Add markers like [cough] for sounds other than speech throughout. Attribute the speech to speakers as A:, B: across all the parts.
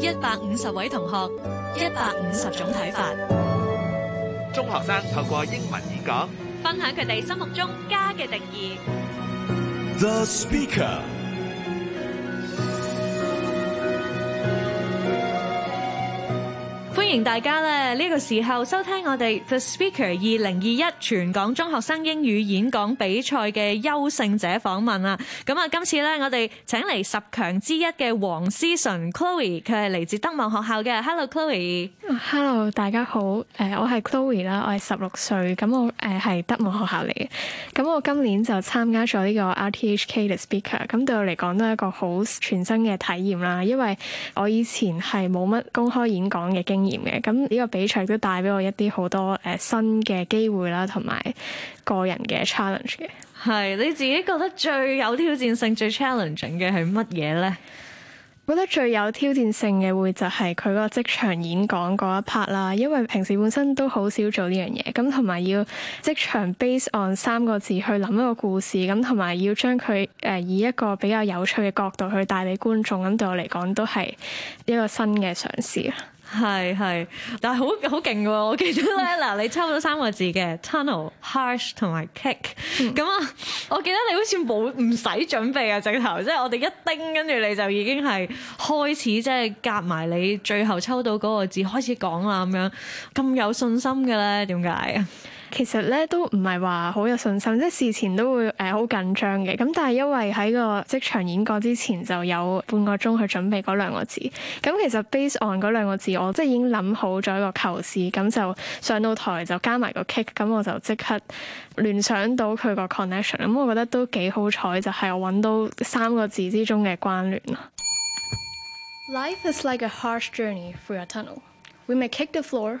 A: 一百五十位同學，一百五十種睇法。
B: 中學生透過英文演講，
A: 分享佢哋心目中家嘅定義。
C: The Speaker。
A: 歡迎大家咧！呢個時候收聽我哋 The Speaker 二零二一全港中學生英語演講比賽嘅優勝者訪問啊！咁啊，今次咧我哋請嚟十強之一嘅黃詩純 Chloe，佢係嚟自德望學校嘅。Hello，Chloe。
B: Hello，大家好。誒，我係 Chloe 啦，我係十六歲，咁我誒係德望學校嚟嘅。咁我今年就參加咗呢個 RTHK The Speaker，咁對我嚟講都係一個好全新嘅體驗啦，因為我以前係冇乜公開演講嘅經驗。嘅，咁呢個比賽都帶俾我一啲好多誒新嘅機會啦，同埋個人嘅 challenge 嘅。係你自己覺得最有挑戰性、最 challenging 嘅係乜嘢呢？我覺得最有挑戰性嘅會就係佢個職場演講嗰一 part 啦，因為平時本身都好少做呢樣嘢，咁同埋要職場 based on 三個字去諗一個故事，咁同埋要將佢誒以一個比較有趣嘅角度去帶俾觀眾，咁對我嚟講都係一個新嘅嘗試啦。係係，但係
A: 好好勁嘅喎！我記得咧，嗱， [laughs] 你抽到三個字嘅 tunnel、harsh 同埋 kick，咁啊， [laughs] 我記得你好似冇唔使準備啊，直頭即係我哋一叮，跟住你就已經係開始即係夾埋你最後抽到嗰個字開始講啦咁樣，
B: 咁有信心嘅咧，點解啊？其實咧都唔係話好有信心，即係事前都會誒好、呃、緊張嘅。咁但係因為喺個即場演講之前就有半個鐘去準備嗰兩個字。咁其實 base on 嗰兩個字，我即係已經諗好咗一個構思。咁就上到台就加埋個 kick，咁我就即刻聯想到佢個 connection。咁我覺得都幾好彩，就係、是、我揾到三個字之中嘅關聯。Life is like a harsh journey through a tunnel. We may kick the floor.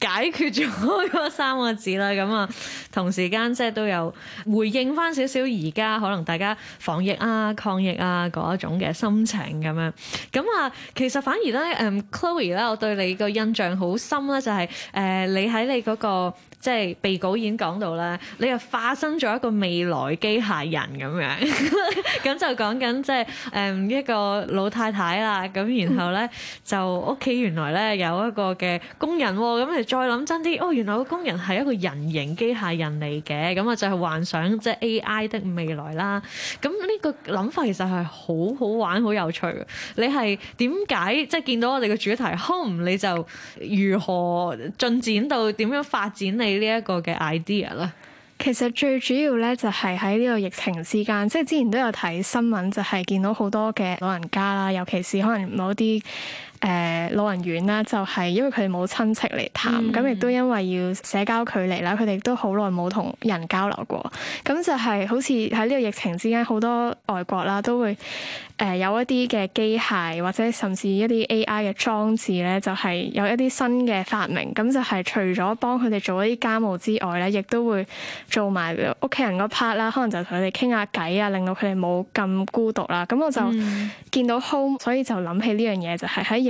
A: 解決咗嗰三個字啦，咁啊，同時間即係都有回應返少少而家可能大家防疫啊、抗疫啊嗰一種嘅心情咁樣。咁啊，其實反而咧，誒，Chloe 咧，我對你個印象好深咧，就係、是、誒、那個，你喺你個即係備稿演講到咧，你又化身咗一個未來機械人咁樣，咁 [laughs] 就講緊即係誒一個老太太啦，咁然後咧就屋企原來咧有一個嘅工人喎，咁嚟。再諗真啲，哦，原來個工人係一個人形機械人嚟嘅，咁啊就係幻想即係 AI 的未來啦。咁呢個諗法其實係好好玩、好有趣嘅。你係點解即係見到我哋嘅主題 Home 你就如何進展到點樣發展你呢一個嘅 idea 咧？
B: 其實最主要咧就係喺呢個疫情之間，即係之前都有睇新聞，就係見到好多嘅老人家啦，尤其是可能某啲。誒老人院啦，就係因為佢哋冇親戚嚟談，咁亦都因為要社交距離啦，佢哋都好耐冇同人交流過，咁就係好似喺呢個疫情之間好多外國啦都會誒有一啲嘅機械或者甚至一啲 AI 嘅裝置咧，就係有一啲新嘅發明。咁就係除咗幫佢哋做一啲家務之外咧，亦都會做埋屋企人嗰 part 啦，可能就同佢哋傾下偈啊，令到佢哋冇咁孤獨啦。咁我就見到 home，嗯、所以就諗起呢樣嘢就係喺。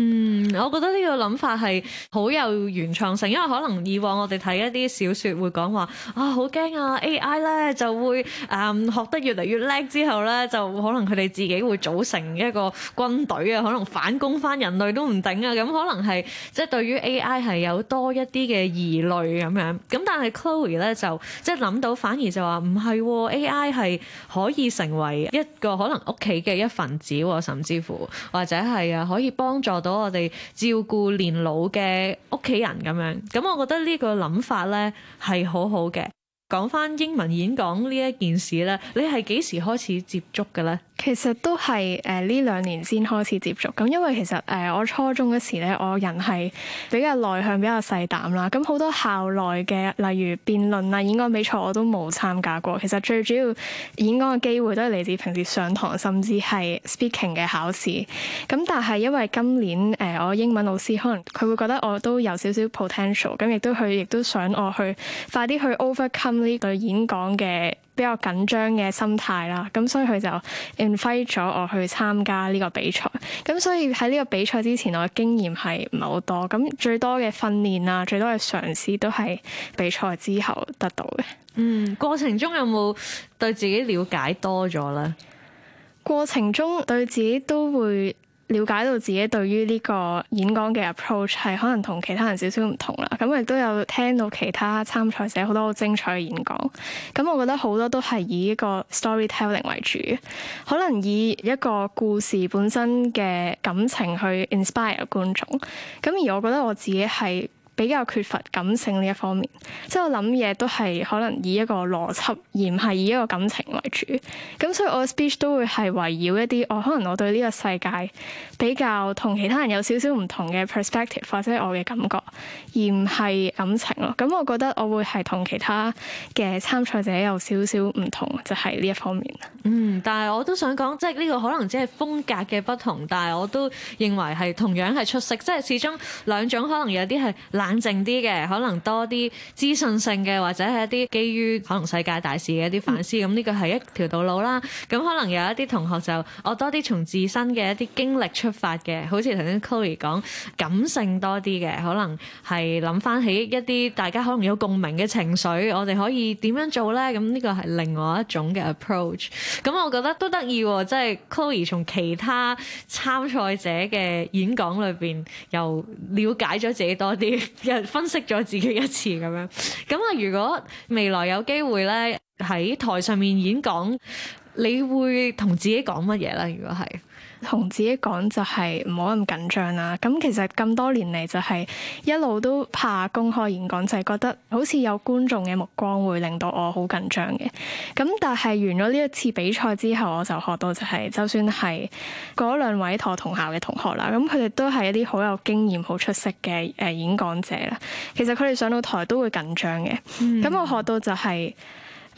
A: 嗯，我覺得呢個諗法係好有原創性，因為可能以往我哋睇一啲小說會講話啊，好驚啊，AI 咧就會誒、嗯、學得越嚟越叻之後咧，就可能佢哋自己會組成一個軍隊啊，可能反攻翻人類都唔定啊，咁可能係即係對於 AI 係有多一啲嘅疑慮咁樣，咁但係 Chloe 咧就即係諗到，反而就話唔係 AI 係可以成為一個可能屋企嘅一份子、哦，甚至乎或者係啊，可以幫助到。我哋照顧年老嘅屋企人咁樣，咁我覺得呢個諗法呢係好好嘅。講翻英文演講呢一件事呢，你係幾
B: 時開始接觸嘅呢？其實都係誒呢兩年先開始接觸，咁因為其實誒、呃、我初中嗰時咧，我人係比較內向、比較細膽啦。咁好多校內嘅，例如辯論啊、演講比賽我都冇參加過。其實最主要演講嘅機會都係嚟自平時上堂，甚至係 speaking 嘅考試。咁但係因為今年誒、呃、我英文老師可能佢會覺得我有點點都有少少 potential，咁亦都佢亦都想我去快啲去 overcome 呢個演講嘅比較緊張嘅心態啦，咁所以佢就 invite 咗我去參加呢個比賽，咁所以喺呢個比賽之前，我經驗係唔係好多，咁最多嘅訓練啊，最多嘅嘗試都係比賽之後得到嘅。
A: 嗯，過程中有冇對自己了解
B: 多咗咧？過程中對自己都會。了解到自己對於呢個演講嘅 approach 係可能同其他人少少唔同啦，咁亦都有聽到其他參賽者好多好精彩嘅演講，咁我覺得好多都係以一個 storytelling 為主，可能以一個故事本身嘅感情去 inspire 觀眾，咁而我覺得我自己係。比較缺乏感性呢一方面，即係我諗嘢都係可能以一個邏輯而唔係以一個感情為主。咁所以我嘅 speech 都會係圍繞一啲我可能我對呢個世界比較同其他人有少少唔同嘅 perspective 或者我嘅感覺而唔係感情咯。咁我覺得我會係同其他嘅參賽者有少少唔同，就係呢一方面。
A: 嗯，但係我都想講，即係呢個可能只係風格嘅不同，但係我都認為係同樣係出色。即係始終兩種可能有啲係。冷靜啲嘅，可能多啲資訊性嘅，或者係一啲基於可能世界大事嘅一啲反思，咁呢個係一條道路啦。咁可能有一啲同學就我多啲從自身嘅一啲經歷出發嘅，好似頭先 Chloe 講感性多啲嘅，可能係諗翻起一啲大家可能有共鳴嘅情緒，我哋可以點樣做呢？咁呢個係另外一種嘅 approach。咁我覺得都得意，即係 Chloe 從其他參賽者嘅演講裏邊又了解咗自己多啲。又分析咗自己一次咁樣，咁啊，如果未來有機會咧喺台上面演講，
B: 你會同自己講乜嘢咧？如果係。同自己講就係唔好咁緊張啦。咁其實咁多年嚟就係一路都怕公開演講，就係、是、覺得好似有觀眾嘅目光會令到我好緊張嘅。咁但係完咗呢一次比賽之後，我就學到就係、是，就算係嗰兩位同我同校嘅同學啦，咁佢哋都係一啲好有經驗、好出色嘅誒演講者啦。其實佢哋上到台都會緊張嘅。咁、嗯、我學到就係、是。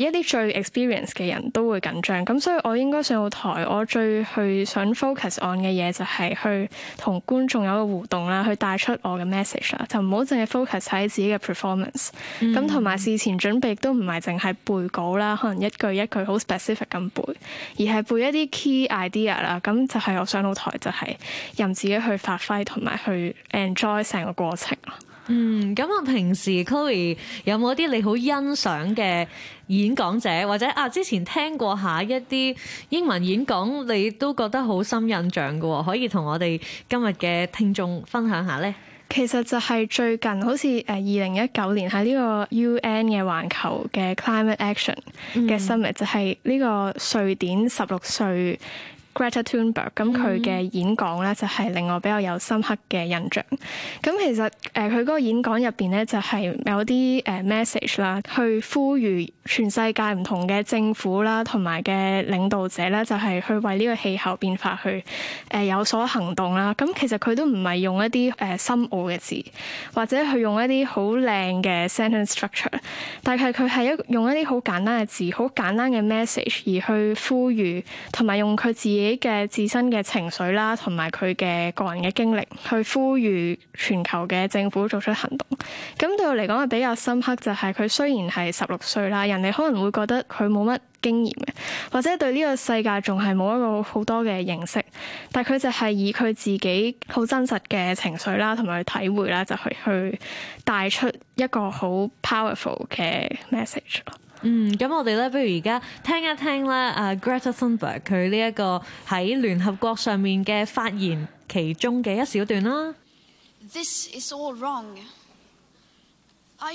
B: 一啲最 experience 嘅人都會緊張，咁所以我應該上到台，我最去想 focus on 嘅嘢就係去同觀眾有個互動啦，去帶出我嘅 message 啦，就唔好淨係 focus 喺自己嘅 performance。咁同埋事前準備都唔係淨係背稿啦，可能一句一句好 specific 咁背，而係背一啲 key idea 啦。咁就係我上到台就係任自己去發揮同埋去 enjoy 成個過程啦。嗯，咁啊，平時 Chloe
A: 有冇啲你好欣賞嘅演講者，或者啊之前聽過下一啲英文演講，你都覺得好深印象嘅，可以同我哋今日
B: 嘅聽眾分享下呢？其實就係最近，好似誒二零一九年喺呢個 U N 嘅環球嘅 Climate Action 嘅 Summit、嗯、就係呢個瑞典十六歲，Greta Thunberg，咁佢嘅演講咧就係令我比較有深刻嘅印象。咁其實誒佢嗰個演講入邊咧就係有啲誒 message 啦，去呼籲全世界唔同嘅政府啦同埋嘅領導者咧，就係去為呢個氣候變化去誒有所行動啦。咁其實佢都唔係用一啲誒深奧嘅字，或者佢用一啲好靚嘅 sentence structure，但係佢係一用一啲好簡單嘅字，好簡單嘅 message 而去呼籲同埋用佢自。自己嘅自身嘅情緒啦，同埋佢嘅個人嘅經歷，去呼籲全球嘅政府做出行動。咁對我嚟講，比較深刻就係佢雖然係十六歲啦，人哋可能會覺得佢冇乜經驗嘅，或者對呢個世界仲係冇一個好多嘅認識，但佢就係以佢自己好真實嘅情緒啦，同埋佢體會啦，就去去帶出一個好 powerful 嘅 message。嗯，咁我哋咧，不如而家聽一聽咧，阿
A: Greta Thunberg 佢呢一個喺聯合國上面嘅發言，其中嘅一
D: 小段啦。This is all wrong. I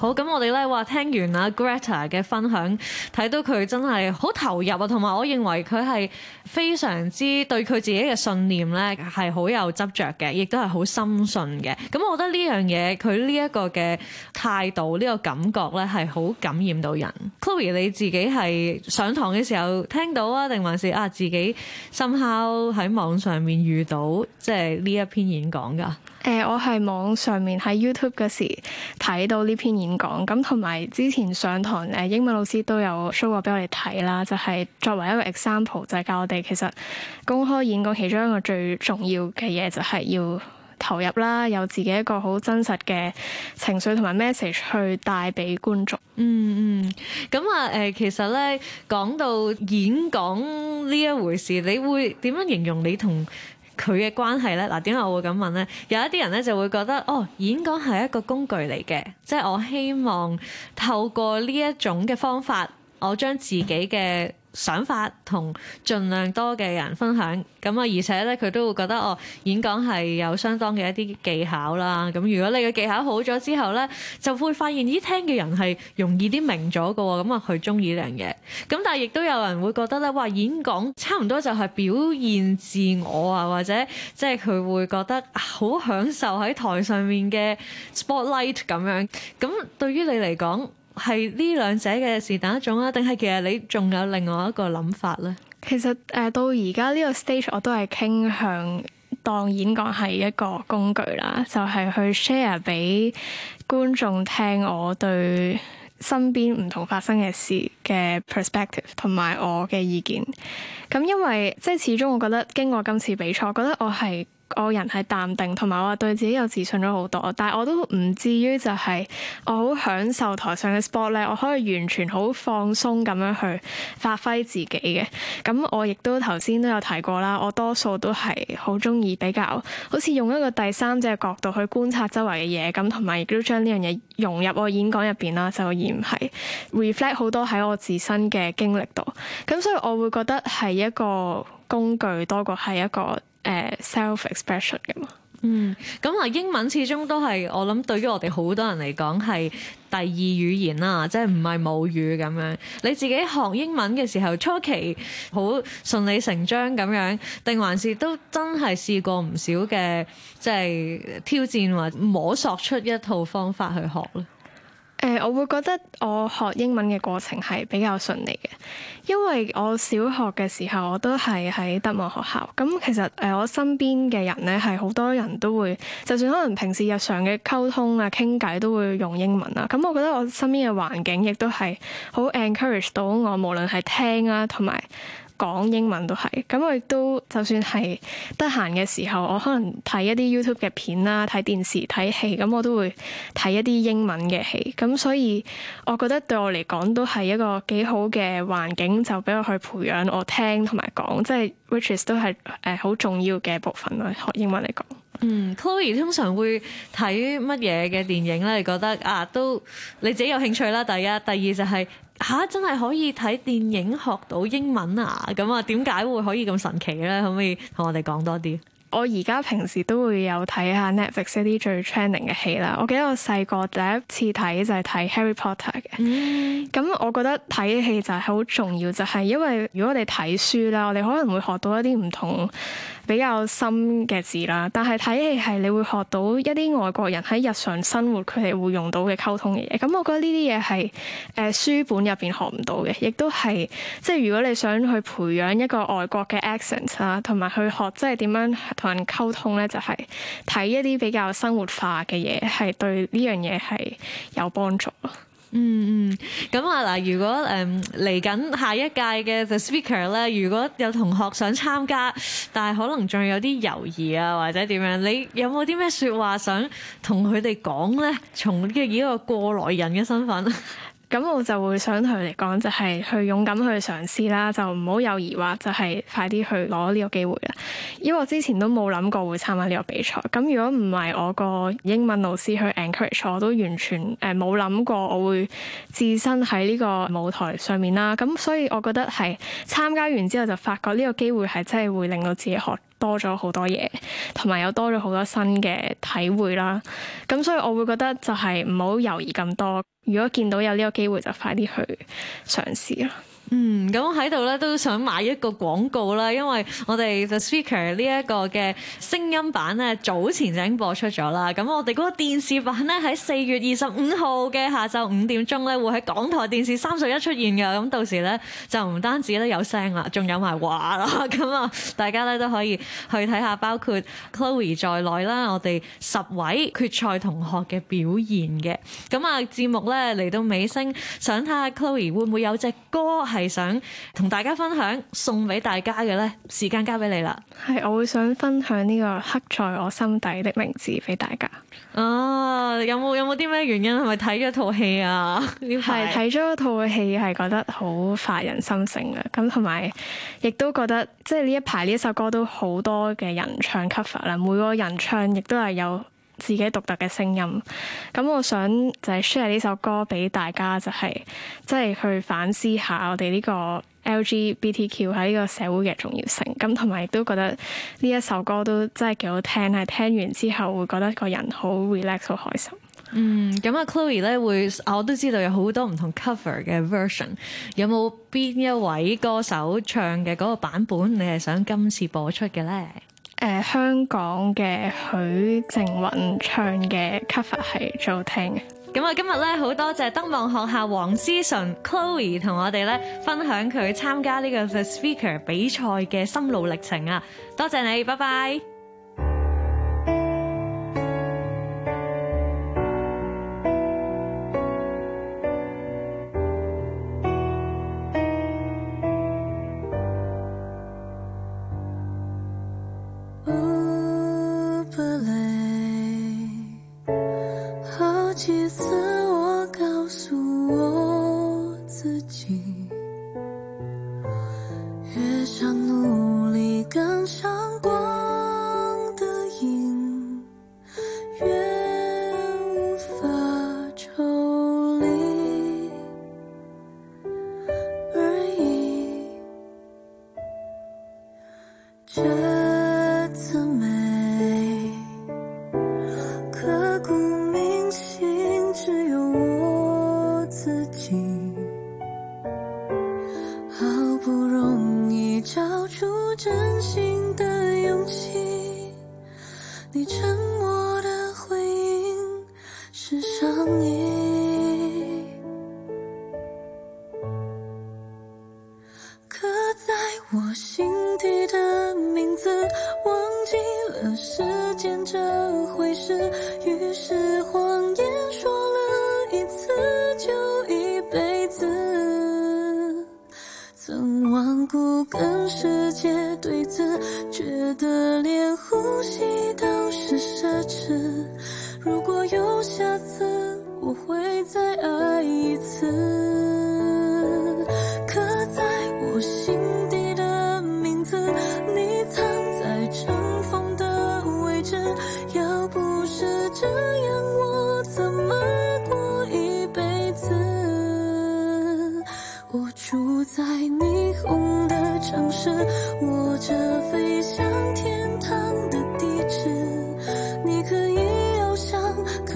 A: 好咁，我哋咧話聽完阿 Greta 嘅分享，睇到佢真係好投入啊，同埋我認為佢係非常之對佢自己嘅信念咧係好有執着嘅，亦都係好深信嘅。咁我覺得呢樣嘢，佢呢一個嘅態度，呢個感覺咧係好感染到人。Chloe，你自己係上堂嘅時候聽到啊，定還是啊自己參考喺網上面遇到即係呢一篇演講㗎？
B: 誒，我係網上面喺 YouTube 嗰時睇到呢篇演講，咁同埋之前上堂誒，英文老師都有 show 過俾我哋睇啦，就係作為一個 example，就係教我哋其實公開演講其中一個最重要嘅嘢，就係要投入啦，有自己一個好真實嘅情緒同埋 message 去帶俾觀眾。嗯。嗯嗯，咁啊，誒，
A: 其實咧講到演講呢一回事，你會點樣形容你同？佢嘅關係呢？嗱，點解我會咁問呢？有一啲人咧就會覺得，哦，演講係一個工具嚟嘅，即係我希望透過呢一種嘅方法，我將自己嘅想法同盡量多嘅人分享，咁啊，而且咧佢都會覺得哦，演講係有相當嘅一啲技巧啦。咁如果你嘅技巧好咗之後咧，就會發現啲聽嘅人係容易啲明咗嘅，咁啊佢中意呢樣嘢。咁但係亦都有人會覺得咧，哇演講差唔多就係表現自我啊，或者即係佢會覺得好享受喺台上面嘅 spotlight 咁樣。咁對於你嚟講，係呢兩者嘅是但一種啊，定係其實你仲有另外一個諗法咧？
B: 其實誒、呃，到而家呢個 stage，我都係傾向當演講係一個工具啦，就係、是、去 share 俾觀眾聽，我對身邊唔同發生嘅事嘅 perspective 同埋我嘅意見。咁因為即係始終，我覺得經過今次比賽，我覺得我係。個人係淡定，同埋我對自己又自信咗好多。但係我都唔至於就係我好享受台上嘅 sport 咧，我可以完全好放鬆咁樣去發揮自己嘅。咁我亦都頭先都有提過啦，我多數都係好中意比較，好似用一個第三者角度去觀察周圍嘅嘢咁，同埋亦都將呢樣嘢融入我演講入邊啦，就而唔係 reflect 好多喺我自身嘅經歷度。咁所以我會覺得係一個工具多過係一個。誒 self-expression 咁
A: 嘛。Uh, 嗯，咁啊英文始終都係我諗對於我哋好多人嚟講係第二語言啦，即係唔係母語咁樣。你自己學英文嘅時候，初期好順理成章咁樣，定還是都真係試過唔少嘅即係挑戰或摸索出一套方法去學咧？
B: 誒、呃，我會覺得我學英文嘅過程係比較順利嘅，因為我小學嘅時候我都係喺德望學校。咁其實誒，我身邊嘅人咧係好多人都會，就算可能平時日常嘅溝通啊、傾偈都會用英文啦。咁我覺得我身邊嘅環境亦都係好 encourage 到我，無論係聽啊同埋講英文都係，咁我亦都就算係得閒嘅時候，我可能睇一啲 YouTube 嘅片啦，睇電視睇戲，咁我都會睇一啲英文嘅戲，咁所以我覺得對我嚟講都係一個幾好嘅環境，就俾我去培養我聽同埋講，即係 which is 都係誒好重要嘅部分咯。學英文嚟講，嗯，Chloe 通常會睇乜嘢
A: 嘅電影咧？你覺得啊，都你自己有興趣啦。第一，第二就係、是。吓、啊，真係可以睇電影學到英文啊！咁啊，點解會可以咁神奇呢？可唔可以同我哋講多啲？
B: 我而家平時都會有睇下 Netflix 啲最 trending 嘅戲啦。我記得我細個第一次睇就係睇 Harry Potter 嘅。咁、mm. 嗯、我覺得睇戲就係好重要，就係、是、因為如果你睇書啦，我哋可能會學到一啲唔同比較深嘅字啦。但係睇戲係你會學到一啲外國人喺日常生活佢哋會用到嘅溝通嘅嘢。咁、嗯、我覺得呢啲嘢係誒書本入邊學唔到嘅，亦都係即係如果你想去培養一個外國嘅 accent 啊，同埋去學即係點樣。同人溝通咧，就係、是、睇一啲比較生活化嘅嘢，係對呢樣嘢係有幫助咯、嗯。嗯嗯，咁啊嗱，如果誒
A: 嚟緊下一屆嘅 The Speaker 咧，如果有同學想參加，但係可能仲有啲猶豫啊，或者點樣，你有冇啲咩説話想同佢哋講
B: 咧？從呢依個過來人嘅身份。 [laughs] 咁我就會想同佢哋講，就係去勇敢去嘗試啦，就唔好有疑惑，就係快啲去攞呢個機會啦。因為我之前都冇諗過會參加呢個比賽。咁如果唔係我個英文老師去 encourage，我都完全誒冇諗過我會置身喺呢個舞台上面啦。咁所以我覺得係參加完之後就發覺呢個機會係真係會令到自己學。多咗好多嘢，同埋又多咗好多新嘅體會啦。咁所以我會覺得就係唔好猶豫咁多，如果見到有呢個機會就快啲去嘗試啦。
A: 嗯，咁喺度咧都想買一個廣告啦，因為我哋 The Speaker 呢一個嘅聲音版咧早前就已經播出咗啦。咁我哋個電視版咧喺四月二十五號嘅下晝五點鐘咧會喺港台電視三十一出現嘅。咁到時咧就唔單止咧有聲啦，仲有埋畫啦。咁啊，大家咧都可以去睇下，包括 Chloe 在內啦，我哋十位決賽同學嘅表現嘅。咁啊，節目咧嚟到尾聲，想睇下 Chloe 會唔會有隻歌係。係想同大家分享，送俾大家嘅，呢時間交俾你啦。
B: 係，我會想分享呢個刻在我心底的名字俾大家。
A: 哦、啊，有
B: 冇有冇啲咩原因？係咪睇咗套戲啊？係睇咗套戲，係覺得好發人心性嘅。咁同埋亦都覺得，即係呢一排呢一首歌都好多嘅人唱 cover 啦。每個人唱亦都係有自己獨特嘅聲音，咁我想就係 share 呢首歌俾大家，就係即係去反思下我哋呢個 LGBTQ 喺呢個社會嘅重要性，咁同埋亦都覺得呢一首歌都真係幾好聽，係聽完之後會覺得個人好 relax 好開心。嗯，
A: 咁啊，Chloe 咧會，我都知道有好多唔同 cover 嘅 version，有冇邊一位歌手唱嘅嗰個版本你係想今次播出嘅呢？
B: 誒、呃，香港嘅許靜雲唱嘅 cover 係做聽。
A: 咁啊，今日咧好多謝德望學校黃詩純 [music] Chloe 同我哋咧分享佢參加呢個 The Speaker 比賽嘅心路歷程啊！多謝你，拜拜。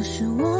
C: 是我。